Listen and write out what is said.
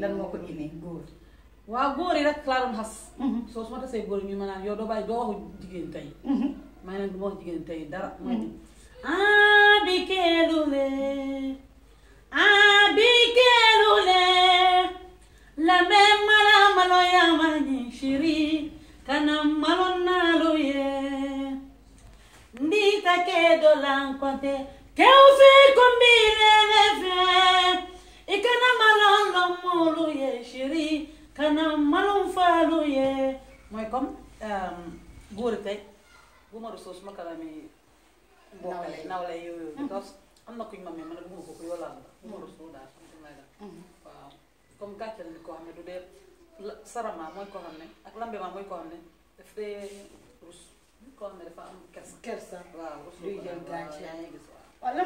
lan moo ko génnee góor waaw góor yi rek laa doon xas soo su ma tasee góor yi ñu ma doo bàyyi doo waxu jigéen tey mm-hmm. maa ngi leen du ma wax jigéen tey dara mooy mm-hmm. ni Abikeelule Abikeelule lame mala malo yamani shiri kana malo nalo ye ndita ke dolan konte ke usi kon kanam malum faalu yee mooy comme euh, góor tey bu ma rusoo suma kalamee mbokkale nawle yooyu mm-hmm. because am na kuñ ma mee man a bu ma ko ko yoo laal la bu ma rusoo daal mm-hmm. waaw comme gàttal ni koo xam ne du dee sarama mooy koo xam ne ak lambema mooy koo xam ne daf dee rus koo xam ne dafa am kersa kersa waaw rus luy jël gàncax yaa ngi gis waaw